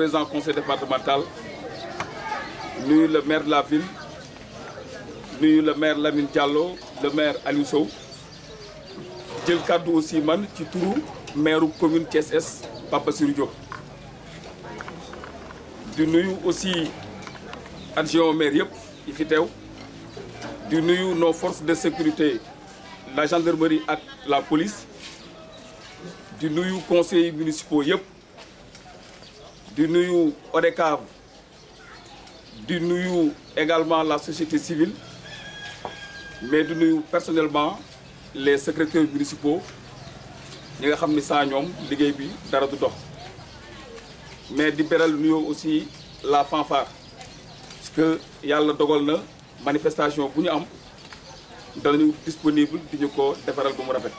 président conseil départemental nuyu le maire de la ville nuyu le maire Lamine Diallo le maire Aliou Sow jël kàddu aussi man ci turu maire commune Thiès Est Papa Sirou di nuyu aussi adjoint maire yëpp yi fi teew di nuyu nos forces de sécurité la gendarmerie ak la police di nuyu conseils municipaux yëpp di nuyu ODECAV di nuyu également la société civile mais di nuyu personnellement les secrétaires municipaux ñi nga xam ni sans ñoom liggéey bi dara du dox mais di beral nuyoo aussi la fanfare parce que yàlla dogal na manifestation bu ñu am danañu disponible di ñu ko defaral ba mu rafet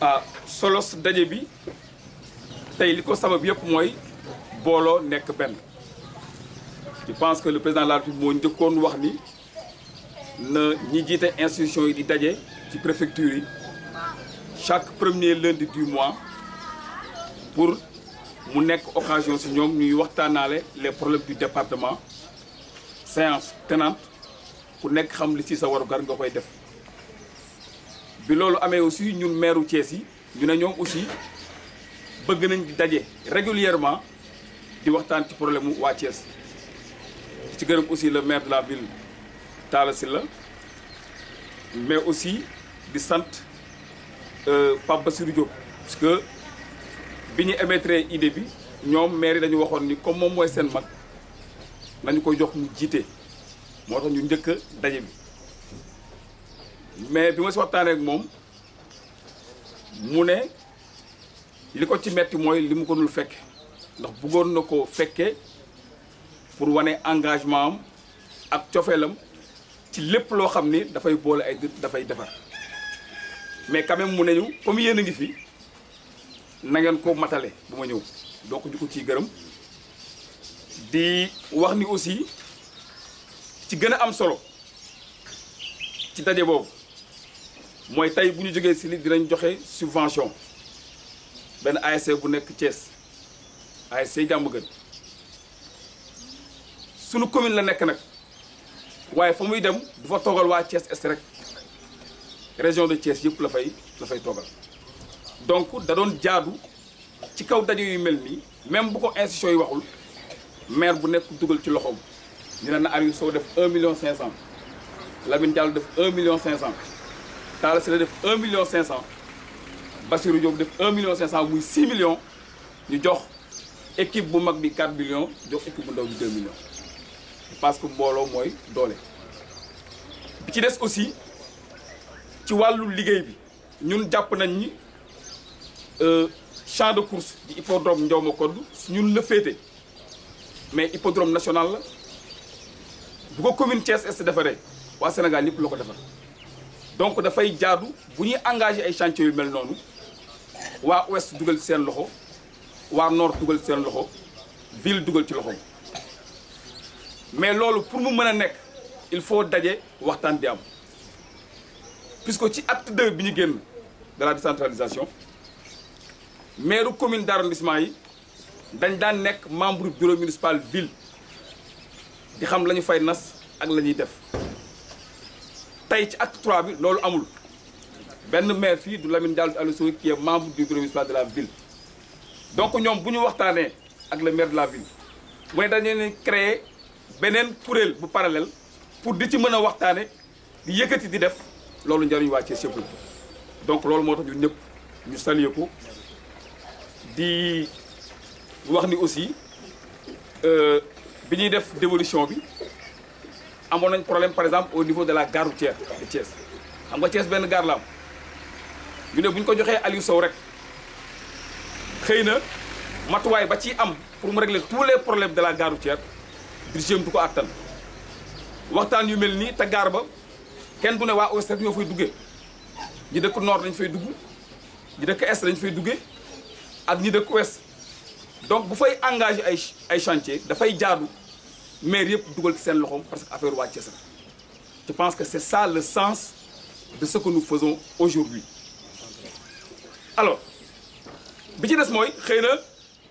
ah solos daje bi tey li ko sabab yëpp mooy booloo nekk benn je pense que le président de la République moo njëkkoon wax ni na ñi jiite institution yi di daje ci préfecture yi chaque premier lundi du mois pour mu nekk occasion si ñoom ñuy waxtaanaale les problèmes du département séance tenante ku nekk xam li ci sa warugar nga koy def bi loolu amee aussi ñun maire Thiès yi ñu ne ñoom aussi bëgg nañ di daje régulièrement di waxtaan ci problème mu waa Thiès ci gërëm aussi le maire de la ville Talla la mais aussi di sant euh, Pape Bassirou Diop parce que bi ñu émettre idée bi ñoom maire yi dañu waxoon ni comme moom mooy seen mag nañu ko jox mu jiite moo tax ñu njëkk a daje bi mais bi ma si waxtaanee moom mu ne li ko ci metti mooy li mu ko dul fekke ndax bëggoon na ko fekkee pour wane engagement am ak cofeelam ci lépp loo xam ni dafay boole ay dafay defar mais quand mu ne ñu comme yéen a ngi fi nangeen ko matale bu ma ñëw donc ñu ko ciy gërëm di wax ni aussi ci gën a am solo ci daje boobu mooy tey bu ñu jógee si li dinañ joxe subvention. benn ASC bu nekk cees ASC jàmm gën sunu commune la nekk nag waaye fa muy dem du fa toogal waa cees est rek région de cees yëpp la fay la toogal donc da doon jaadu ci kaw daje yu mel nii même bu ko institution yi waxul maire bu nekk dugal ci loxoom ñu ne na Aliou soo def 1 million 500 Lamine Diallo def 1 million 500 Talla Sylla def 1 million 500. Bassirou Diop def 1 million 500 muy 6 millions ñu jox équipe bu mag bi 4 millions jox équipe bu ndaw bi 2 millions parce que mbooloo mooy doole. bi ci des aussi ci wàllu liggéey bi ñun jàpp nañ ni euh, champ de course di hippodrome Ndioma Codou ñun la féete mais hippodrome national la bu ko commune Thiès Est defaree waa Sénégal yëpp la ko defar donc dafay jaadu bu ñuy engagé ay chantier yu mel noonu. waa ouest dugal ci seen loxo waa nord dugal ci seen loxo ville dugal ci loxoom mais loolu pour mu mën a nekk il faut daje waxtaan di am puisque ci at deux bi ñu génn de la décentralisation maire commune d'arrondissement yi dañ daan nekk membre bureau municipal ville di xam la ñu fay nas ak la ñuy def tey ci acte trois bi loolu amul benn maire fii du Lamine Diallo Aliou Sow qui membre du bureau municipal de la ville donc ñoom bu ñu waxtaanee ak le maire de la ville mu ne dañu leen créer beneen kuréel bu parallèle pour di ci mën a waxtaane di yëkkati di def loolu njëriñ waa Thiès yëpp donc loolu moo tax ñun ñëpp ñu saluer di wax ni aussi euh, bi ñuy def dévolution bi am amoon nañ problème par exemple au niveau de la gare routière de Thiès xam nga cees benn gare la ñu ne bu ñu ko joxee Aliou Sow rek xëy na matuwaay ba ciy am pour mu regle tous les problèmes de la gare routière budget ko àttan waxtaan yu mel nii te gaar ba kenn du ne waa Ouest ñoo fay duggee ñi dëkk noor dañ fay dugg ñi dëkk est dañ fay duggee ak ñi dëkk ouest donc bu fay engage ay ay chantier dafay jaadu maire yëpp dugal ci seen loxoom parce que affaire waa Thiès la je pense que c'est ça le sens de ce fason nous faisons aujourd'hui alors bi ci des mooy xëy na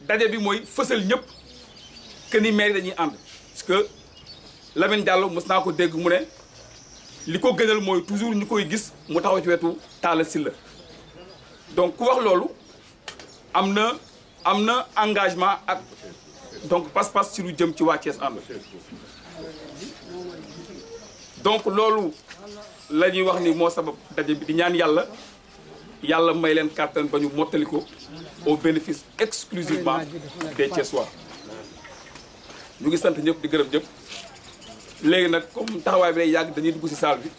daje bi mooy fësal ñëpp que ni maire dañuy ànd parce que Lamine Diallo mës naa ko dégg mu ne li ko gënal mooy toujours ñu koy gis mu taxaw ci wetu si la donc ku wax loolu am na am na engagement ak donc pas-pas ci lu jëm ci waa Thiès ànd donc loolu la ñuy wax ni moo sabab daje bi di ñaan yàlla yàlla may leen kàttan ba ñu mottali ko au bénéfice exclusivement des Thiessois ñu ngi sant ñëpp di gërëm ñëpp léegi nag comme taxawaay bi day yàgg dañuy dugg ci salle bi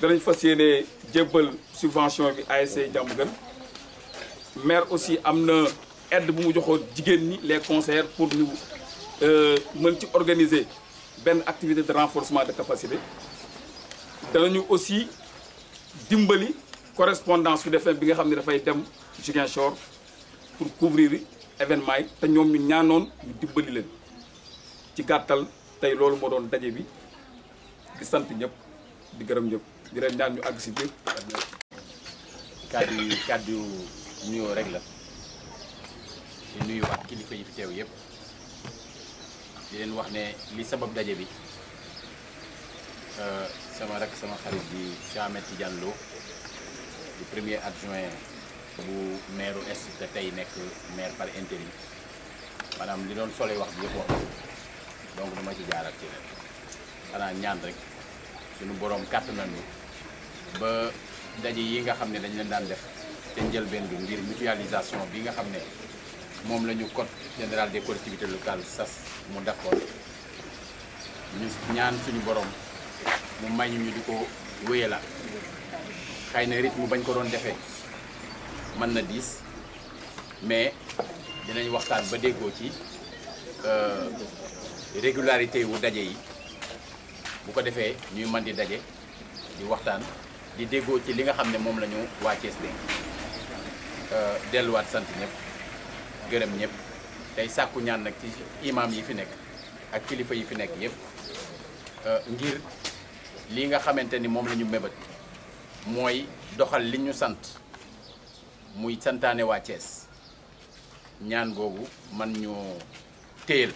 danañ fas yéene jébbal subvention bi ASC jàmm gën maire aussi am na aide bu mu joxoon jigéen ñi les conseillers pour ñu euh, mën ci organiser benn activité de renforcement de capacité danañu aussi dimbali correspondance Sud FM bi nga xam ne dafay dem Ziguinchor pour couvrir événement yi te ñoom ñu ñaanoon ñu dimbali leen ci gàttal tey loolu moo doon daje bi di sant ñëpp di gërëm ñëpp di leen ñaan ñu àgg si biir kàddu yu nuyoo rek la di nuyuwaat kilifa yi fi teew yëpp di leen wax ne li sabab daje bi euh, sama rak sama xarit bi Cheikh Ahmed Tidiane Lo di premier adjoint bu maire est te tey nekk maire par intérim maanaam li doon sole wax bi yëpp wax donc dama ci jaaral ci leen xanaa ñaan rek suñu boroom kàttanal ñu ba daje yi nga xam ne dañ leen daan def te njëlbeen bi ngir mutualisation bi nga xam ne moom lañu ñu général des collectivités locales sas mu d'accord ñu ñaan suñu borom mu may ñu di ko la xëy na rythme bañ ko doon defee mën na diis mais dinañ waxtaan ba déggoo ci euh, régularité wu daje yi bu ko defee ñuy man di daje di waxtaan di déggoo ci li nga xam ne moom la ñu waa Thiès dénk euh, delluwaat sant ñëpp gërëm ñëpp tey sàkku ñaan nag ci imam yi fi nekk ak kilifa yi fi nekk yëpp euh, ngir lii nga xamante ni moom lañu ñu mébét mooy doxal li ñu sant muy santaane waa ñaan googu man ñu téyel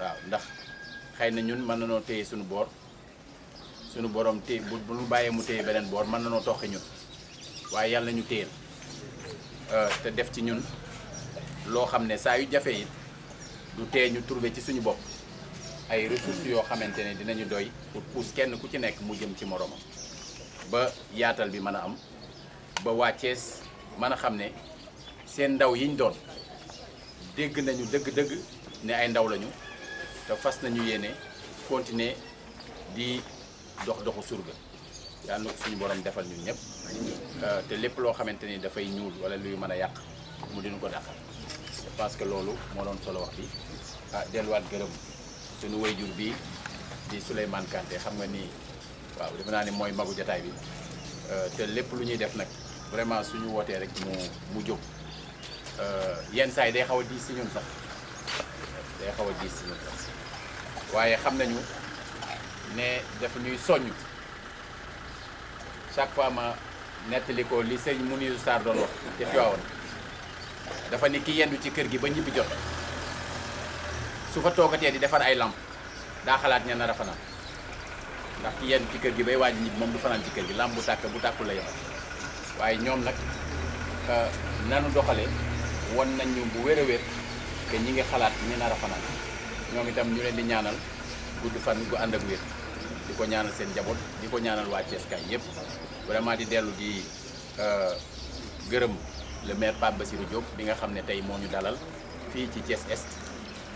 waaw ndax xëy na ñun mën nanoo téye suñu boor sunu borom téye bu bu ñu bàyyee mu téye beneen boor mën nanoo toqi ñun waaye yàlla ñu téyel euh, te def ci ñun loo xam ne saa yu jafe it du tee ñu trouver ci suñu bopp ay ressources yoo xamante ne dinañu doy pour pousse kenn ku ci nekk mu jëm ci moromam ba yaatal bi mën a am ba wàccees Thiès mën a xam ne seen ndaw yiñ doon dégg nañu dëgg-dëgg ne ay ndaw lañu te fas nañu yéene continuer di dox doxu surga yàlla na ko suñu borom defal ñun ñëpp euh, te lépp loo xamante ni dafay ñuul wala luy mën a yàq mu dinu ko dàqal je que loolu moo doon solo wax bi ah, delluwaat gërëm suñu wayjur bi di Souleymane Kanté xam nga nii waaw defe naa ne mooy magu jataay bi euh, te lépp lu ñuy def nag vraiment suñu wootee rek mu mu jóg euh, yenn saa yi day xaw a diis si ñun sax day xaw a diis si ñun waaye xam nañu ne daf ñuy soññ chaque fois ma nettali ko li sëñ Mounirou Sarr doon wax te Tiwaawan dafa ni ki yendu ci kër gi ba ñibbi jot su fa toogatee di defar ay làmp daa xalaat ñenn rafanaan ndax ki yenn ci kër gi bay waaj nit moom du fanaan ci kër gi làmb bu tàkk bu tàkku la yemal waaye ñoom nag euh, nanu doxale won nañ ñu bu wér a wér ñi ngi xalaat ñu nar a fanaan ñoom itam ñu leen di ñaanal gudd fan gu ànd ak wér di ko ñaanal seen njaboot di ko ñaanal waa Thiès kaay yëpp vraiment di dellu di euh, gërëm le maire Pape Bassirou Diop bi nga xam ne tey moo ñu dalal fii ci Thiès Est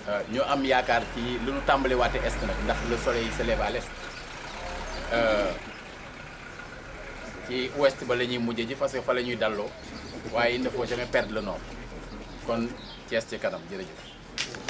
euh, ñu am yaakaar ci lu ñu tàmbaliwaate Est nag ndax le soleil se lève Euh, ci ouest ba la ñuy mujjee ji parce que fa la ñuy dalloo waaye il ne faut jamais perdre le kon Thiès ci kanam jërëjëf.